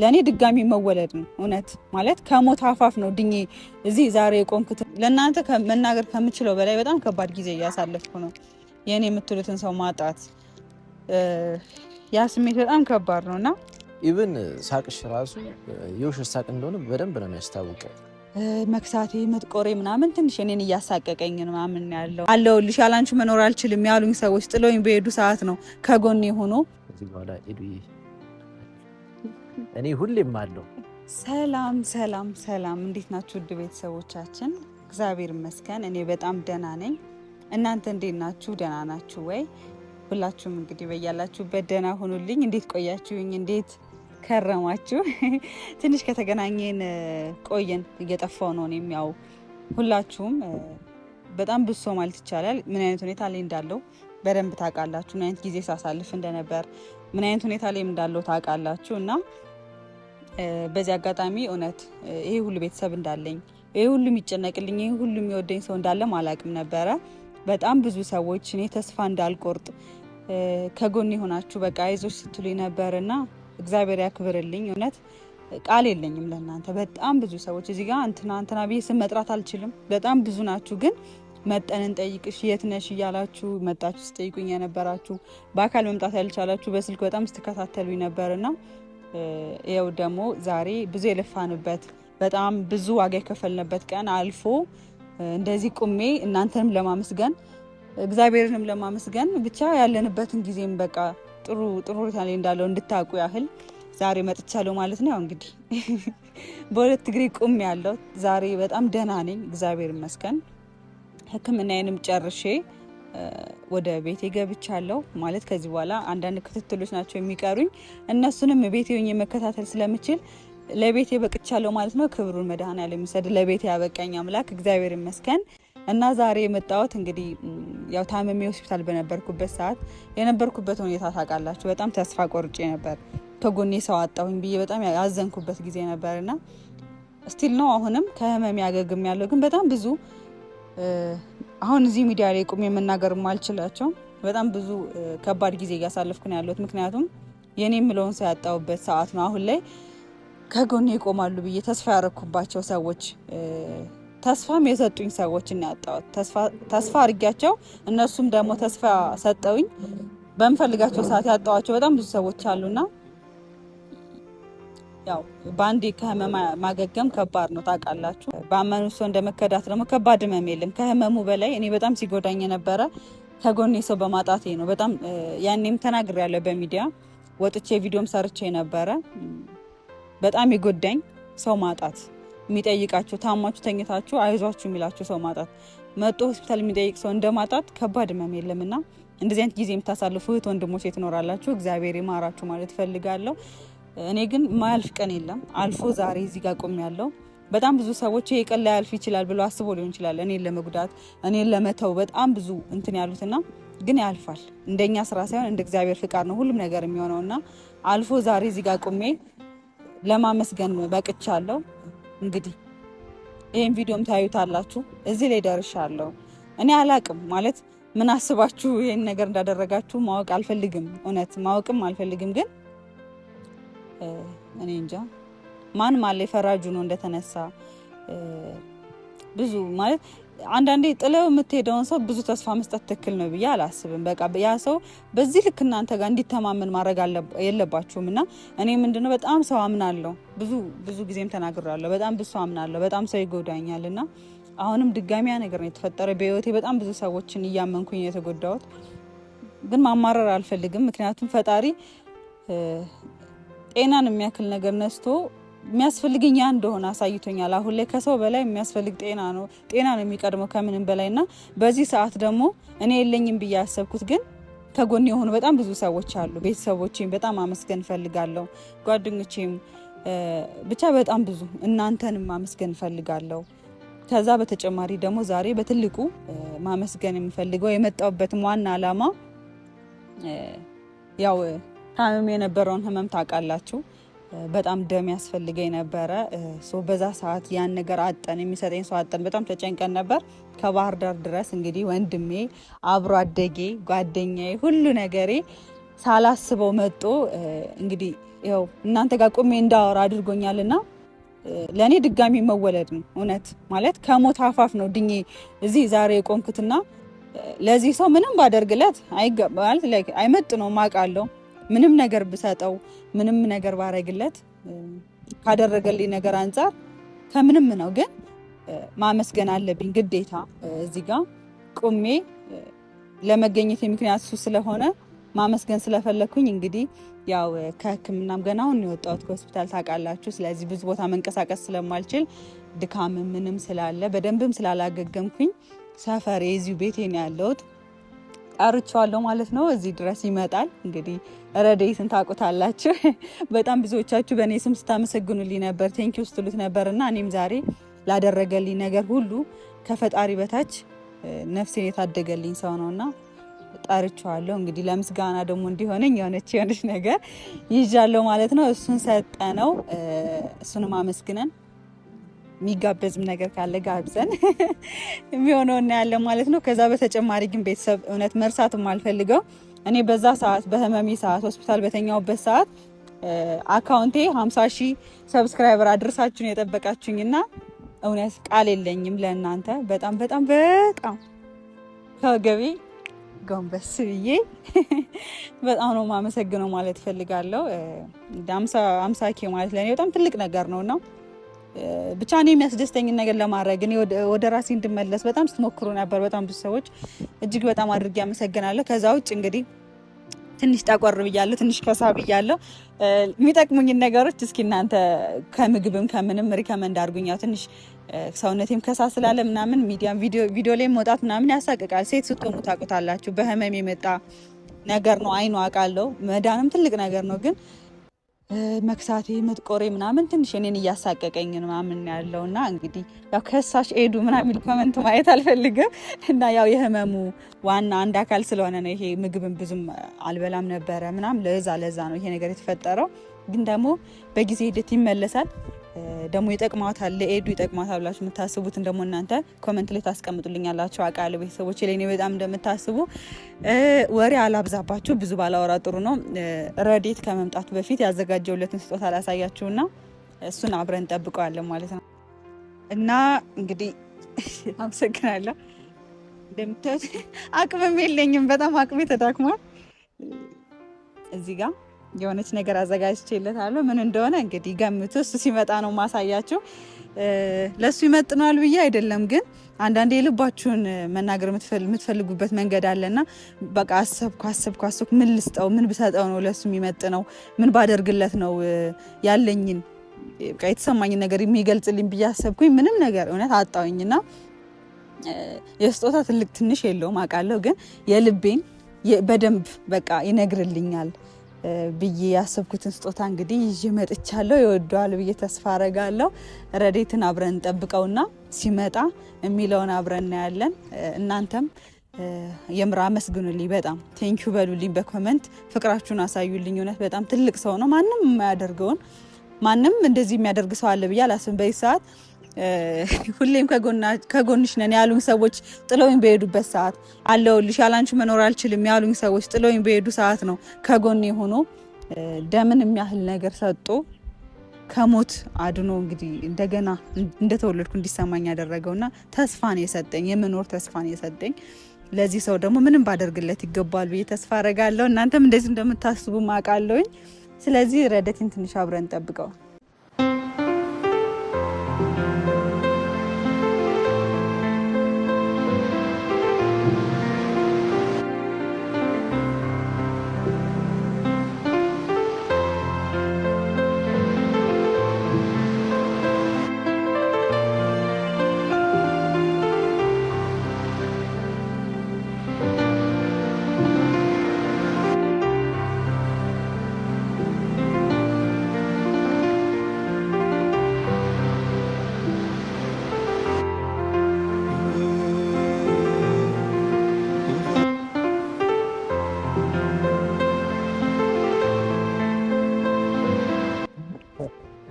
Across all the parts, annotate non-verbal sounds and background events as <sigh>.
ለእኔ ድጋሚ መወለድ ነው። እውነት ማለት ከሞት አፋፍ ነው ድኜ እዚህ ዛሬ የቆምኩት። ለእናንተ መናገር ከምችለው በላይ በጣም ከባድ ጊዜ እያሳለፍኩ ነው። የእኔ የምትሉትን ሰው ማጣት ያ ስሜት በጣም ከባድ ነው እና ኢብን ሳቅሽ ራሱ የውሸት ሳቅ እንደሆነ በደንብ ነው የሚያስታውቀው። መክሳቴ መጥቆሬ ምናምን ትንሽ እኔን እያሳቀቀኝ ምናምን ያለው አለሁልሽ፣ ያላንቺ መኖር አልችልም ያሉኝ ሰዎች ጥሎኝ በሄዱ ሰዓት ነው ከጎኔ ሆኖ እኔ ሁሌም አለሁ። ሰላም ሰላም ሰላም፣ እንዴት ናችሁ ውድ ቤተሰቦቻችን? እግዚአብሔር ይመስገን እኔ በጣም ደህና ነኝ። እናንተ እንዴት ናችሁ? ደህና ናችሁ ወይ? ሁላችሁም እንግዲህ በያላችሁበት ደህና ሆኑልኝ። እንዴት ቆያችሁኝ? እንዴት ከረማችሁ? <laughs> ትንሽ ከተገናኘን ቆየን፣ እየጠፋው ነው። እኔም ያው ሁላችሁም በጣም ብሶ ማለት ይቻላል ምን አይነት ሁኔታ ላይ እንዳለው በደንብ ታውቃላችሁ። ምን አይነት ጊዜ ሳሳልፍ እንደነበር ምን አይነት ሁኔታ ላይ እንዳለው ታውቃላችሁ እና በዚህ አጋጣሚ እውነት ይሄ ሁሉ ቤተሰብ እንዳለኝ ይሄ ሁሉ የሚጨነቅልኝ ይሄ ሁሉ የሚወደኝ ሰው እንዳለም አላቅም ነበረ። በጣም ብዙ ሰዎች እኔ ተስፋ እንዳልቆርጥ ከጎን የሆናችሁ በቃ አይዞች ስትሉኝ ነበር እና እግዚአብሔር ያክብርልኝ። እውነት ቃል የለኝም ለእናንተ። በጣም ብዙ ሰዎች እዚህ ጋር እንትና እንትና ብዬ ስም መጥራት አልችልም። በጣም ብዙ ናችሁ ግን መጠንን ጠይቅሽ የት ነሽ እያላችሁ መጣችሁ ስጠይቁኝ የነበራችሁ በአካል መምጣት ያልቻላችሁ በስልክ በጣም ስትከታተሉኝ ነበርና ይኸው ደግሞ ዛሬ ብዙ የለፋንበት በጣም ብዙ ዋጋ የከፈልንበት ቀን አልፎ እንደዚህ ቁሜ እናንተንም ለማመስገን እግዚአብሔርንም ለማመስገን ብቻ ያለንበትን ጊዜም በቃ ጥሩ ጥሩ ሁኔታ ላይ እንዳለው እንድታውቁ ያህል ዛሬ መጥቻለሁ ማለት ነው። እንግዲህ <laughs> በሁለት እግሬ ቁሜ ያለው ዛሬ በጣም ደህና ነኝ፣ እግዚአብሔር ይመስገን። ሕክምናዬንም ጨርሼ ወደ ቤቴ ገብቻለሁ። ማለት ከዚህ በኋላ አንዳንድ ክትትሎች ናቸው የሚቀሩኝ። እነሱንም ቤቴ ሆኜ መከታተል ስለምችል ለቤቴ በቅቻለሁ ማለት ነው። ክብሩን መድኃኔዓለም ይውሰድ። ለቤቴ ያበቃኝ አምላክ እግዚአብሔር ይመስገን። እና ዛሬ የመጣሁት እንግዲህ ያው ታመሜ ሆስፒታል በነበርኩበት ሰዓት የነበርኩበት ሁኔታ ታውቃላችሁ። በጣም ተስፋ ቆርጬ ነበር። ከጎኔ ሰው አጣሁኝ ብዬ በጣም ያዘንኩበት ጊዜ ነበርና ስቲል ነው አሁንም ከህመም ያገግም ያለው ግን በጣም ብዙ አሁን እዚህ ሚዲያ ላይ ቁሜ መናገር ማልችላቸው በጣም ብዙ ከባድ ጊዜ እያሳለፍኩ ነው ያለሁት። ምክንያቱም የኔ የምለውን ሰው ያጣሁበት ሰዓት ነው። አሁን ላይ ከጎኔ ይቆማሉ ብዬ ተስፋ ያረኩባቸው ሰዎች፣ ተስፋም የሰጡኝ ሰዎች ነው ያጣሁት ተስፋ አድርጊያቸው፣ እነሱም ደግሞ ተስፋ ሰጠውኝ። በምፈልጋቸው ሰዓት ያጣኋቸው በጣም ብዙ ሰዎች አሉና ያው በአንዴ ከህመም ማገገም ከባድ ነው ታውቃላችሁ። በአመኑ ሰው እንደመከዳት ደግሞ ከባድ ህመም የለም። ከህመሙ በላይ እኔ በጣም ሲጎዳኝ የነበረ ከጎኔ ሰው በማጣቴ ነው። በጣም ያኔም ያለው በሚዲያ ወጥቼ ቪዲዮም ሰርቼ ነበረ። በጣም የጎዳኝ ሰው ማጣት፣ የሚጠይቃቸው ታማችሁ ተኝታችሁ አይዟችሁ የሚላችሁ ሰው ማጣት፣ መጦ ሆስፒታል የሚጠይቅ ሰው እንደማጣት ከባድ ህመም የለምና እንደዚህ አይነት ጊዜ የምታሳልፉ እህት ወንድሞች ትኖራላችሁ። እግዚአብሔር ይማራችሁ ማለት ፈልጋለሁ። እኔ ግን ማያልፍ ቀን የለም። አልፎ ዛሬ እዚህ ጋር ቆም ያለው በጣም ብዙ ሰዎች ይሄ ቀን ላይ ያልፍ ይችላል ብለው አስቦ ሊሆን ይችላል እኔን ለመጉዳት እኔን ለመተው በጣም ብዙ እንትን ያሉትና ግን ያልፋል። እንደኛ ስራ ሳይሆን እንደ እግዚአብሔር ፍቃድ ነው ሁሉም ነገር የሚሆነውና አልፎ ዛሬ እዚህ ጋር ቆሜ ለማመስገን በቅቻለሁ። እንግዲህ ይህን ቪዲዮም ታዩታላችሁ። እዚህ ላይ ደርሻለሁ። እኔ አላቅም ማለት ምን አስባችሁ ይህን ነገር እንዳደረጋችሁ ማወቅ አልፈልግም። እውነት ማወቅም አልፈልግም ግን እኔ እንጃ ማን ማለ የፈራጁ ነው እንደተነሳ ብዙ ማለት አንዳንዴ ጥለው የምትሄደውን ሰው ብዙ ተስፋ መስጠት ትክክል ነው ብዬ አላስብም። በቃ ያ ሰው በዚህ ልክ እናንተ ጋር እንዲተማመን ማድረግ የለባችሁም። እና እኔ ምንድነው በጣም ሰው አምናለሁ፣ ብዙ ብዙ ጊዜም ተናግሬያለሁ። በጣም ብዙ ሰው አምናለሁ፣ በጣም ሰው ይጎዳኛል። እና አሁንም ድጋሚያ ነገር ነው የተፈጠረ በህይወቴ። በጣም ብዙ ሰዎችን እያመንኩኝ የተጎዳሁት፣ ግን ማማረር አልፈልግም። ምክንያቱም ፈጣሪ ጤናን የሚያክል ነገር ነስቶ የሚያስፈልገኝ ያ እንደሆነ አሳይቶኛል። አሁን ላይ ከሰው በላይ የሚያስፈልግ ጤና ነው። ጤና ነው የሚቀድመው ከምንም በላይ እና በዚህ ሰዓት ደግሞ እኔ የለኝም ብዬ ያሰብኩት ግን ከጎን የሆኑ በጣም ብዙ ሰዎች አሉ። ቤተሰቦቼም በጣም አመስገን እፈልጋለሁ። ጓደኞቼም ብቻ በጣም ብዙ እናንተንም ማመስገን እፈልጋለሁ። ከዛ በተጨማሪ ደግሞ ዛሬ በትልቁ ማመስገን የምፈልገው የመጣሁበትም ዋና አላማ ያው ታምም የነበረውን ህመም ታውቃላችሁ። በጣም ደም ያስፈልገኝ ነበረ። በዛ ሰዓት ያን ነገር አጠን የሚሰጠኝ ሰው አጠን በጣም ተጨንቀን ነበር። ከባህር ዳር ድረስ እንግዲህ ወንድሜ፣ አብሮ አደጌ፣ ጓደኛዬ፣ ሁሉ ነገሬ ሳላስበው መጦ እንግዲህ ይኸው እናንተ ጋር ቁሜ እንዳወራ አድርጎኛልና ለእኔ ድጋሚ መወለድ ነው። እውነት ማለት ከሞት አፋፍ ነው ድኜ እዚህ ዛሬ የቆምኩትና ለዚህ ሰው ምንም ባደርግለት አይመጥ ነው ማቃለው ምንም ነገር ብሰጠው ምንም ነገር ባረግለት ካደረገልኝ ነገር አንጻር ከምንም ነው፣ ግን ማመስገን አለብኝ ግዴታ። እዚህ ጋ ቁሜ ለመገኘት ምክንያት እሱ ስለሆነ ማመስገን ስለፈለግኩኝ እንግዲህ ያው ከሕክምናም ገና አሁን የወጣሁት ከሆስፒታል ታውቃላችሁ። ስለዚህ ብዙ ቦታ መንቀሳቀስ ስለማልችል ድካም ምንም ስላለ በደንብም ስላላገገምኩኝ ሰፈር የዚሁ ቤቴ ያለሁት። ጠርቼዋለሁ ማለት ነው። እዚህ ድረስ ይመጣል። እንግዲህ ረዴትን ታውቁታላችሁ። <laughs> በጣም ብዙዎቻችሁ በእኔ ስም ስታመሰግኑልኝ ነበር፣ ቴንኪው ስትሉት ነበር እና እኔም ዛሬ ላደረገልኝ ነገር ሁሉ ከፈጣሪ በታች ነፍሴን የታደገልኝ ሰው ነው እና ጠርቼዋለሁ። እንግዲህ ለምስጋና ደግሞ እንዲሆነኝ የሆነች የሆነች ነገር ይዣለሁ ማለት ነው። እሱን ሰጠ ነው። እሱንም አመስግነን የሚጋበዝም ነገር ካለ ጋብዘን <laughs> የሚሆነው እናያለን ማለት ነው። ከዛ በተጨማሪ ግን ቤተሰብ እውነት መርሳትም አልፈልገው። እኔ በዛ ሰዓት በህመሜ ሰዓት ሆስፒታል በተኛውበት ሰዓት አካውንቴ 50 ሺህ ሰብስክራይበር አድርሳችሁን ና እውነት ቃል የለኝም ለእናንተ በጣም በጣም በጣም ከገቢ ጎንበስ ብዬ <laughs> በጣም ነው ማመሰግነው ማለት እፈልጋለሁ። አምሳኬ ማለት ለእኔ በጣም ትልቅ ነገር ነው ነው። ብቻ እኔ የሚያስደስተኝን ነገር ለማድረግ እኔ ወደ ራሴ እንድመለስ በጣም ስትሞክሩ ነበር። በጣም ብዙ ሰዎች እጅግ በጣም አድርጌ አመሰግናለሁ። ከዛ ውጭ እንግዲህ ትንሽ ጠቆር ብያለሁ፣ ትንሽ ከሳ ብያለሁ። የሚጠቅሙኝን ነገሮች እስኪ እናንተ ከምግብም ከምንም ሪከመንድ አድርጉኝ። ያው ትንሽ ሰውነቴም ከሳ ስላለ ምናምን ሚዲያ ቪዲዮ ላይ መውጣት ምናምን ያሳቅቃል። ሴት ስትሆኑ ታውቁታላችሁ። በህመም የመጣ ነገር ነው። አይኑ አውቃለሁ። መዳንም ትልቅ ነገር ነው ግን መክሳቴ መጥቆሬ ምናምን ትንሽ እኔን እያሳቀቀኝ ምናምን ያለው እና እንግዲህ ያው ከሳሽ ኤዱ ምናሚል ኮመንት ማየት አልፈልግም እና ያው የህመሙ ዋና አንድ አካል ስለሆነ ነው። ይሄ ምግብን ብዙም አልበላም ነበረ ምናም ለዛ ለዛ ነው ይሄ ነገር የተፈጠረው። ግን ደግሞ በጊዜ ሂደት ይመለሳል። ደግሞ ይጠቅማታል ለኤዱ ይጠቅማታል ብላችሁ የምታስቡትን ደግሞ እናንተ ኮመንት ላይ ታስቀምጡልኛላችሁ። አቃል ቤተሰቦች ላይ በጣም እንደምታስቡ ወሬ አላብዛባችሁ፣ ብዙ ባላወራ ጥሩ ነው። ረዴት ከመምጣቱ በፊት ያዘጋጀውለትን ስጦታ አላሳያችሁና እሱን አብረን እንጠብቀዋለን ማለት ነው እና እንግዲህ <laughs> አመሰግናለሁ። እንደምታዩት አቅምም የለኝም፣ በጣም አቅሜ ተዳክሟል እዚህ ጋር የሆነች ነገር አዘጋጅቼለታለሁ። ምን እንደሆነ እንግዲህ ገምቱ። እሱ ሲመጣ ነው ማሳያችሁ። ለእሱ ይመጥነዋል ብዬ አይደለም፣ ግን አንዳንዴ የልባችሁን መናገር የምትፈልጉበት መንገድ አለና በቃ አሰብኩ አሰብኩ አሰብኩ፣ ምን ልስጠው፣ ምን ብሰጠው ነው ለእሱ የሚመጥነው፣ ምን ባደርግለት ነው ያለኝን በቃ የተሰማኝን ነገር የሚገልጽልኝ ብዬ አሰብኩኝ። ምንም ነገር እውነት አጣውኝና የስጦታ ትልቅ ትንሽ የለውም አውቃለሁ፣ ግን የልቤን በደንብ በቃ ይነግርልኛል ብዬ ያሰብኩትን ስጦታ እንግዲህ ይዤ መጥቻለሁ። ይወደዋል ብዬ ተስፋ አረጋለሁ። ረዴትን አብረን እንጠብቀውና ሲመጣ የሚለውን አብረን እናያለን። እናንተም የምራ አመስግኑልኝ፣ በጣም ቴንኪዩ በሉልኝ፣ በኮመንት ፍቅራችሁን አሳዩልኝ። እውነት በጣም ትልቅ ሰው ነው። ማንም የማያደርገውን ማንም እንደዚህ የሚያደርግ ሰው አለ ብዬ አላስብም በዚህ ሰዓት ሁሌም ከጎንሽ ነን ያሉኝ ሰዎች ጥለውኝ በሄዱበት ሰዓት አለሁልሽ፣ ያላንቺ መኖር አልችልም ያሉኝ ሰዎች ጥለውኝ በሄዱ ሰዓት ነው ከጎኔ ሆኖ ደምን የሚያህል ነገር ሰጦ ከሞት አድኖ እንግዲህ እንደገና እንደተወለድኩ እንዲሰማኝ ያደረገው ና ተስፋን የሰጠኝ የመኖር ተስፋን የሰጠኝ ለዚህ ሰው ደግሞ ምንም ባደርግለት ይገባል ብዬ ተስፋ አረጋለሁ። እናንተም እንደዚህ እንደምታስቡ ማቃለውኝ። ስለዚህ ረደቴን ትንሽ አብረን ጠብቀው።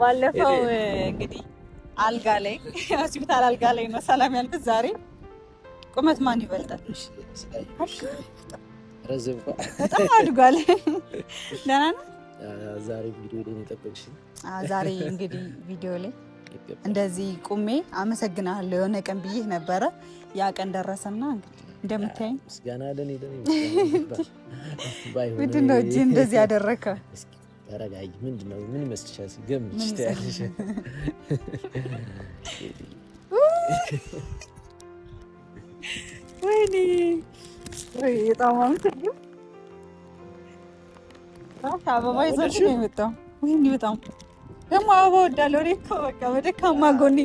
ባለፈው እንግዲህ አልጋ ላይ <laughs> ሆስፒታል አልጋ ላይ ነው ሰላም ያልኩት። ዛሬ ቁመት ማን ይበልጣል? በጣም አድጓል። ደህና ነው። ዛሬ ቪዲዮ ላይ የጠበቅሽ። ዛሬ እንግዲህ ቪዲዮ ላይ እንደዚህ ቁሜ አመሰግናለሁ የሆነ ቀን ብዬ ነበረ። ያ ቀን ደረሰና እንግዲህ ምስጋና ለኔ ለኔ <laughs> ባይሆን ምንድን ነው እጅ እንደዚህ ያደረከው? ተረጋጊ። ምንድነው? ምን ይመስልሻል? ገምች ትያለሽ። ወይኔ አበባ ይዘሽ ነው የመጣው። ወይኔ በጣም ደግሞ አበባ እኔ እኮ በቃ በደካማ ጎኔ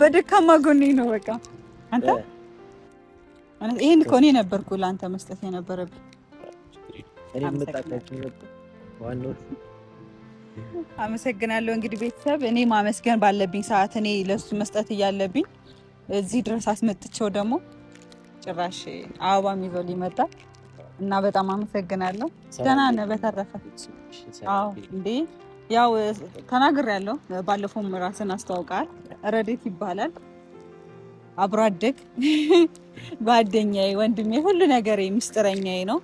በደካማ ጎኔ ነው በቃ አንተ እኮ እኔ ነበርኩ ለአንተ መስጠት የነበረብኝ። እኔ ዋናው አመሰግናለሁ። እንግዲህ ቤተሰብ እኔ ማመስገን ባለብኝ ሰዓት እኔ ለሱ መስጠት እያለብኝ እዚህ ድረስ አስመጥቼው ደግሞ ጭራሽ አበባ ይዞ ይመጣል እና በጣም አመሰግናለሁ። ደህና ነህ? በተረፈ እንዴ ያው ተናግሬያለሁ። ባለፈውም ራስን አስተዋውቃል። ረዴት ይባላል። አብሮ አደግ <laughs> ጓደኛዬ፣ ወንድሜ፣ ሁሉ ነገር ምስጢረኛዬ ነው።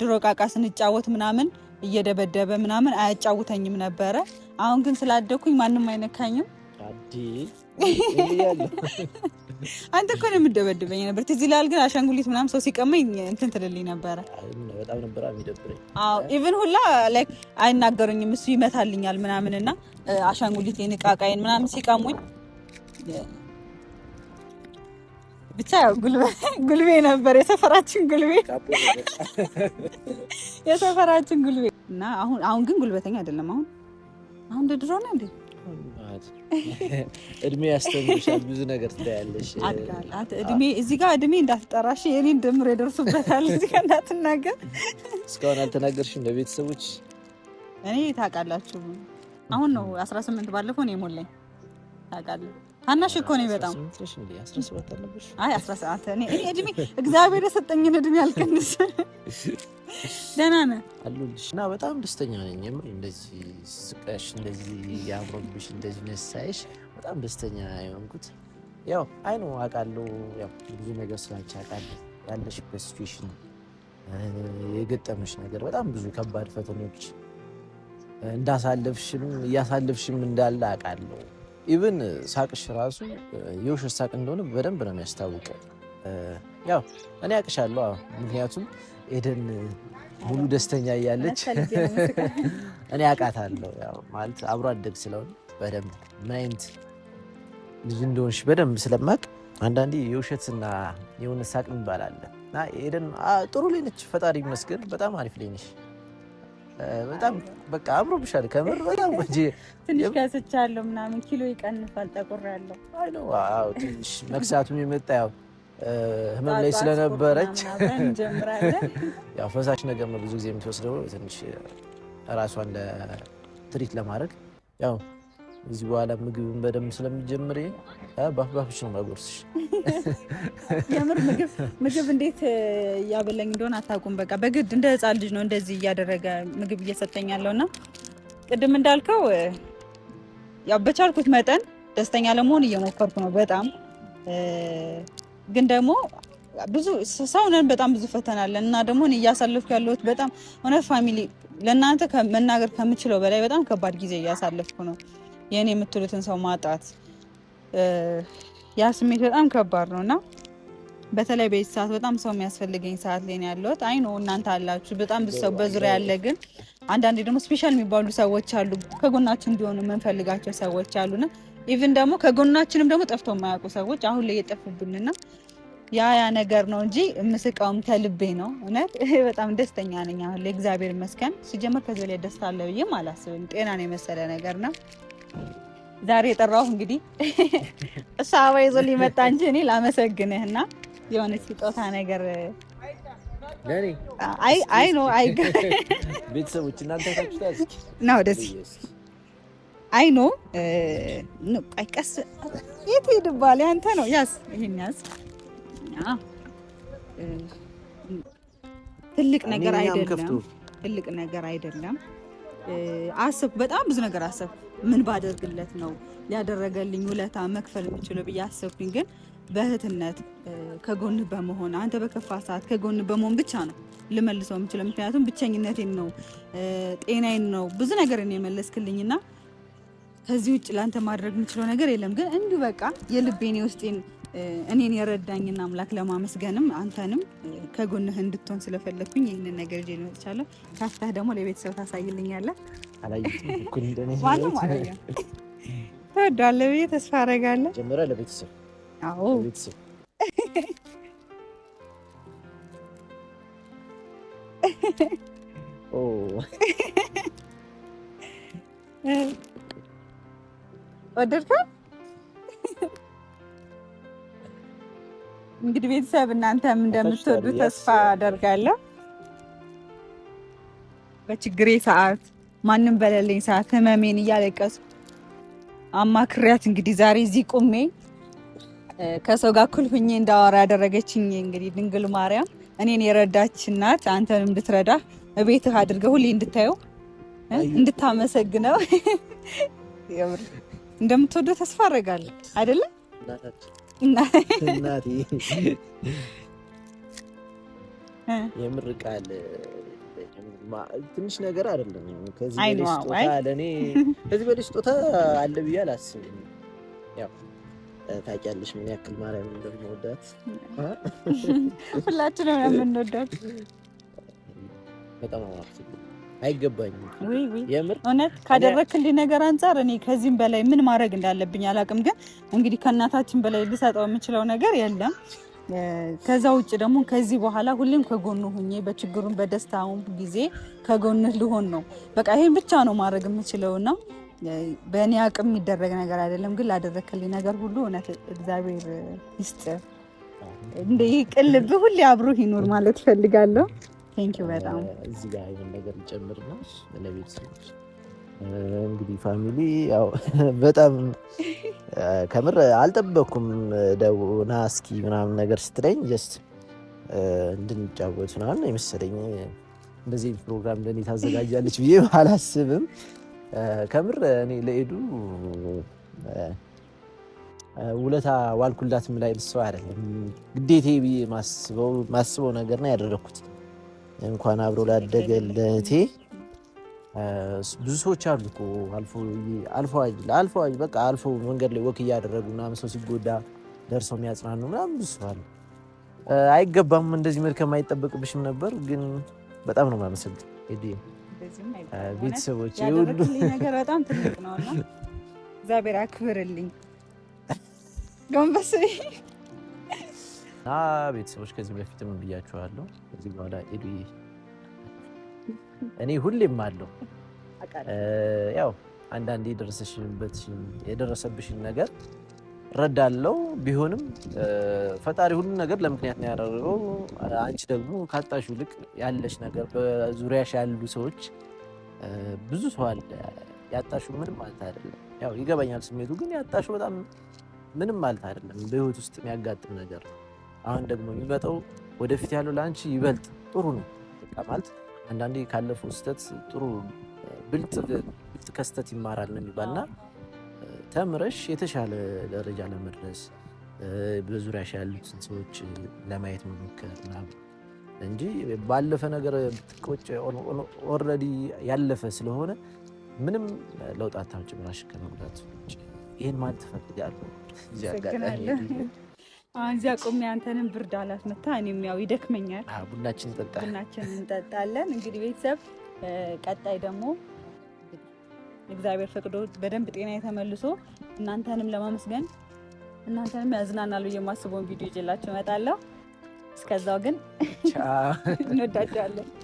ድሮ ቃቃ ስንጫወት ምናምን እየደበደበ ምናምን አያጫውተኝም ነበረ። አሁን ግን ስላደኩኝ ማንም አይነካኝም። <laughs> አንተ እኮ ነው የምደበድበኝ ነበር። ትዝ ይልሃል ግን አሻንጉሊት ምናምን ሰው ሲቀመኝ እንትን ትልልኝ ነበረ። አዎ ኢቭን ሁላ ላይክ አይናገሩኝም፣ እሱ ይመታልኛል ምናምን እና አሻንጉሊት የንቃቃይን ምናምን ሲቀሙኝ ብቻ ጉልቤ ነበር የሰፈራችን ጉልቤ የሰፈራችን ጉልቤ እና አሁን አሁን ግን ጉልበተኛ አይደለም። አሁን አሁን እንደ ድሮ ነው እንዴ? <laughs> እድሜ ያስተምርሻል፣ ብዙ ነገር ትለያለሽ። እድሜ እዚህ ጋር እድሜ እንዳትጠራሽ የኔን ድምር የደርሱበታል። እዚህ ጋር እንዳትናገር። እስካሁን አልተናገርሽም ለቤተሰቦች? እኔ ታውቃላችሁ፣ አሁን ነው 18 ባለፈው ነው የሞላኝ። ታውቃለህ አናሽ እኮ ነኝ በጣም። አይ አስራ ሰባት እኔ እድሜ እግዚአብሔር የሰጠኝን እድሜ አልቀንስ። ደህና ነህ አሉልሽ እና በጣም ደስተኛ ነኝ። የምር እንደዚህ ስቀሽ እንደዚህ ያምሮብሽ እንደዚህ ነሳይሽ በጣም ደስተኛ የሆንኩት ያው አይ ነው አውቃለሁ። ያው ብዙ ነገር ስላንቺ አውቃለሁ። ያለሽበት ሲቹዌሽን የገጠመሽ ነገር በጣም ብዙ ከባድ ፈተናዎች እንዳሳለፍሽም እያሳለፍሽም እንዳለ አውቃለሁ ኢቨን ሳቅሽ ራሱ የውሸት ሳቅ እንደሆነ በደንብ ነው የሚያስታውቀ። ያው እኔ አቅሻለሁ፣ ምክንያቱም ኤደን ሙሉ ደስተኛ እያለች <laughs> እኔ አውቃታለሁ። ያው ማለት አብሮ አደግ ስለሆነ በደንብ ምን አይነት ልጅ እንደሆንሽ በደንብ ስለማቅ አንዳንዴ የውሸትና የእውነት ሳቅ ይባላል ኤደን ጥሩ ላይ ነች፣ ፈጣሪ ይመስገን። በጣም አሪፍ ላይ ነች። በጣም በቃ አምሮብሻል። ከምር በጣም ቆንጆ። <laughs> ትንሽ ከስቻለሁ ምናምን ኪሎ ይቀንሳል። ጠቁር ያለው ትንሽ መክሳቱም የመጣ ያው ህመም ላይ ስለነበረች <laughs> ያው ፈሳሽ ነገር ነው ብዙ ጊዜ የምትወስደው ትንሽ ራሷን ለትሪት ለማድረግ ያው እዚህ በኋላ ምግብን በደንብ ስለሚጀምር ባፍባፍሽ ነው ማጎርስሽ። <laughs> የምር ምግብ ምግብ እንዴት እያበላኝ እንደሆነ አታውቁም። በቃ በግድ እንደ ህፃን ልጅ ነው እንደዚህ እያደረገ ምግብ እየሰጠኝ ያለው እና ቅድም እንዳልከው ያው በቻልኩት መጠን ደስተኛ ለመሆን እየሞከርኩ ነው። በጣም ግን ደግሞ ብዙ ሰው ነን፣ በጣም ብዙ ፈተና አለን እና ደግሞ እያሳለፍኩ ያለሁት በጣም እውነት ፋሚሊ ለእናንተ መናገር ከምችለው በላይ በጣም ከባድ ጊዜ እያሳለፍኩ ነው። የእኔ የምትሉትን ሰው ማጣት ያ ስሜት በጣም ከባድ ነው እና በተለይ በዚህ ሰዓት በጣም ሰው የሚያስፈልገኝ ሰዓት ላይ ያለሁት። አይ ነው እናንተ አላችሁ በጣም ብዙ ሰው በዙሪያ ያለ፣ ግን አንዳንዴ ደግሞ ስፔሻል የሚባሉ ሰዎች አሉ፣ ከጎናችን እንዲሆኑ የምንፈልጋቸው ሰዎች አሉና ኢቭን ደግሞ ከጎናችንም ደግሞ ጠፍቶ የማያውቁ ሰዎች አሁን ላይ እየጠፉብንና ያ ያ ነገር ነው እንጂ የምስቃውም ከልቤ ነው። እውነት በጣም ደስተኛ ነኝ አሁን ላይ እግዚአብሔር ይመስገን። ሲጀመር ከዚህ ላይ ደስታ አለ ብዬም አላስብም። ጤና ነው የመሰለ ነገር ነው። ዛሬ የጠራሁ እንግዲህ እሱ አበባ ይዞ ሊመጣ እንጂ እኔ ላመሰግንህ እና የሆነ ስጦታ ነገር አይ ነው አይ <laughs> ቤተሰቦች እናንተ ነው ወደዚህ አይ ነው ቀስ የት ሄድባል? ያንተ ነው ያስ ይሄን ያስ ትልቅ ነገር አይደለም፣ ትልቅ ነገር አይደለም። አሰብኩ፣ በጣም ብዙ ነገር አሰብኩ። ምን ባደርግለት ነው ሊያደረገልኝ ውለታ መክፈል የሚችለው ብዬ አሰብኩኝ። ግን በእህትነት ከጎን በመሆን አንተ በከፋ ሰዓት ከጎን በመሆን ብቻ ነው ልመልሰው የምችለው። ምክንያቱም ብቸኝነቴን ነው ጤናዬን ነው ብዙ ነገርን የመለስክልኝና ከዚህ ውጭ ለአንተ ማድረግ የምችለው ነገር የለም። ግን እንዲሁ በቃ የልቤን የውስጤን እኔን የረዳኝና አምላክ ለማመስገንም አንተንም ከጎንህ እንድትሆን ስለፈለግኩኝ ይህንን ነገር ይዤ መጥቻለሁ። ካፍታህ ደግሞ ለቤተሰብ ታሳይልኛለህ። ትወደዋለህ ብዬ ተስፋ አደርጋለሁ። ለቤተሰብ ቤተሰብ <laughs> ወደድከው። እንግዲህ ቤተሰብ እናንተም እንደምትወዱ ተስፋ አደርጋለሁ። በችግሬ ሰዓት ማንም በሌለኝ ሰዓት ህመሜን እያለቀሱ አማክሪያት እንግዲህ ዛሬ እዚህ ቁሜ ከሰው ጋር እኩል ሁኜ እንዳወራ ያደረገችኝ እንግዲህ ድንግል ማርያም እኔን የረዳች እናት አንተን እንድትረዳ እቤትህ አድርገህ ሁሌ እንድታየው እንድታመሰግነው <laughs> እንደምትወደው ተስፋ አደርጋለሁ። አይደለም እናቴ የምር ቃል ትንሽ ነገር አይደለም። ከዚህ በላይ ስጦታ ለእኔ <laughs> ከዚህ በላይ ስጦታ አለ ብዬ አላስብም። ያው ታውቂያለሽ ምን ያክል ማርያም እንደምንወዳት <laughs> ሁላችንም የምንወዳት በጣም አማርት አይገባኝም። የምር እውነት ካደረክልኝ ነገር አንጻር እኔ ከዚህም በላይ ምን ማድረግ እንዳለብኝ አላውቅም። ግን እንግዲህ ከእናታችን በላይ ልሰጠው የምችለው ነገር የለም። ከዛ ውጭ ደግሞ ከዚህ በኋላ ሁሌም ከጎኑ ሁኜ በችግሩን በደስታውም ጊዜ ከጎን ልሆን ነው። በቃ ይሄን ብቻ ነው ማድረግ የምችለው የምችለውና በእኔ አቅም የሚደረግ ነገር አይደለም። ግን ላደረክልኝ ነገር ሁሉ እውነት እግዚአብሔር ይስጥ። እንደ ይህ ቅልብ ሁሌ አብሮ ይኖር ማለት እፈልጋለሁ። ቴንኪው በጣም እዚህ ጋር ነገር ጨምርና ለቤተሰቦች እንግዲህ ፋሚሊ ያው <laughs> በጣም ከምር አልጠበኩም። ደውና እስኪ ምናምን ነገር ስትለኝ ጀስት እንድንጫወት ምናምን የመሰለኝ እንደዚህ ፕሮግራም ለእኔ ታዘጋጃለች ብዬ <laughs> አላስብም። ከምር እኔ ለኤዱ ውለታ ዋልኩላት ምላይ ልሰው አይደለም ግዴቴ ብዬ ማስበው ነገር ነው ያደረግኩት። እንኳን አብሮ ላደገ ለእህቴ ብዙ ሰዎች አሉ እኮ አልፎ አልፎ በቃ አልፎ መንገድ ላይ ወክ እያደረጉ ምናምን ሰው ሲጎዳ ደርሰው የሚያጽናኑ ምናምን ብዙ ሰው አለ። አይገባም እንደዚህ መድከም አይጠበቅብሽም ነበር፣ ግን በጣም ነው የማመሰግን ቤተሰቦች ሁሉ ነገር በጣም ትልቅ ነውና እግዚአብሔር አክብርልኝ። ጎንበስ ቤተሰቦች ከዚህ በፊትም ብያችኋለሁ። ከዚህ በኋላ ኤዱ እኔ ሁሌም አለው ያው አንዳንዴ የደረሰብሽን ነገር ረዳለው። ቢሆንም ፈጣሪ ሁሉን ነገር ለምክንያት ነው ያደረገው። አንቺ ደግሞ ካጣሽ ይልቅ ያለሽ ነገር በዙሪያሽ ያሉ ሰዎች ብዙ ሰው አለ። ያጣሽው ምንም ማለት አይደለም። ያው ይገባኛል ስሜቱ፣ ግን ያጣሽው በጣም ምንም ማለት አይደለም። በህይወት ውስጥ የሚያጋጥም ነገር ነው። አሁን ደግሞ የሚመጣው ወደፊት ያለው ለአንቺ ይበልጥ ጥሩ ነው ማለት አንዳንዴ ካለፈው ስህተት ጥሩ ብልጥ ከስህተት ይማራል ነው የሚባልና ተምረሽ የተሻለ ደረጃ ለመድረስ በዙሪያሽ ያሉትን ሰዎች ለማየት መሞከር ምናምን እንጂ ባለፈ ነገር ብትቆጭ ኦልሬዲ ያለፈ ስለሆነ ምንም ለውጥ አታምጪም። ራስሽን ከመጉዳት ውጭ ይህን ማለት እፈልጋለሁ። እዚያ ቆሜ አንተንም ብርድ አላት መታ። እኔም ያው ይደክመኛል። ቡናችን እንጠጣለን ቡናችን እንጠጣለን። እንግዲህ ቤተሰብ ቀጣይ ደግሞ እግዚአብሔር ፈቅዶ በደንብ ጤና የተመልሶ እናንተንም ለማመስገን እናንተንም ያዝናናሉ የማስበውን ቪዲዮ ይዤላችሁ እመጣለሁ። እስከዛው ግን <laughs> እንወዳቸዋለን።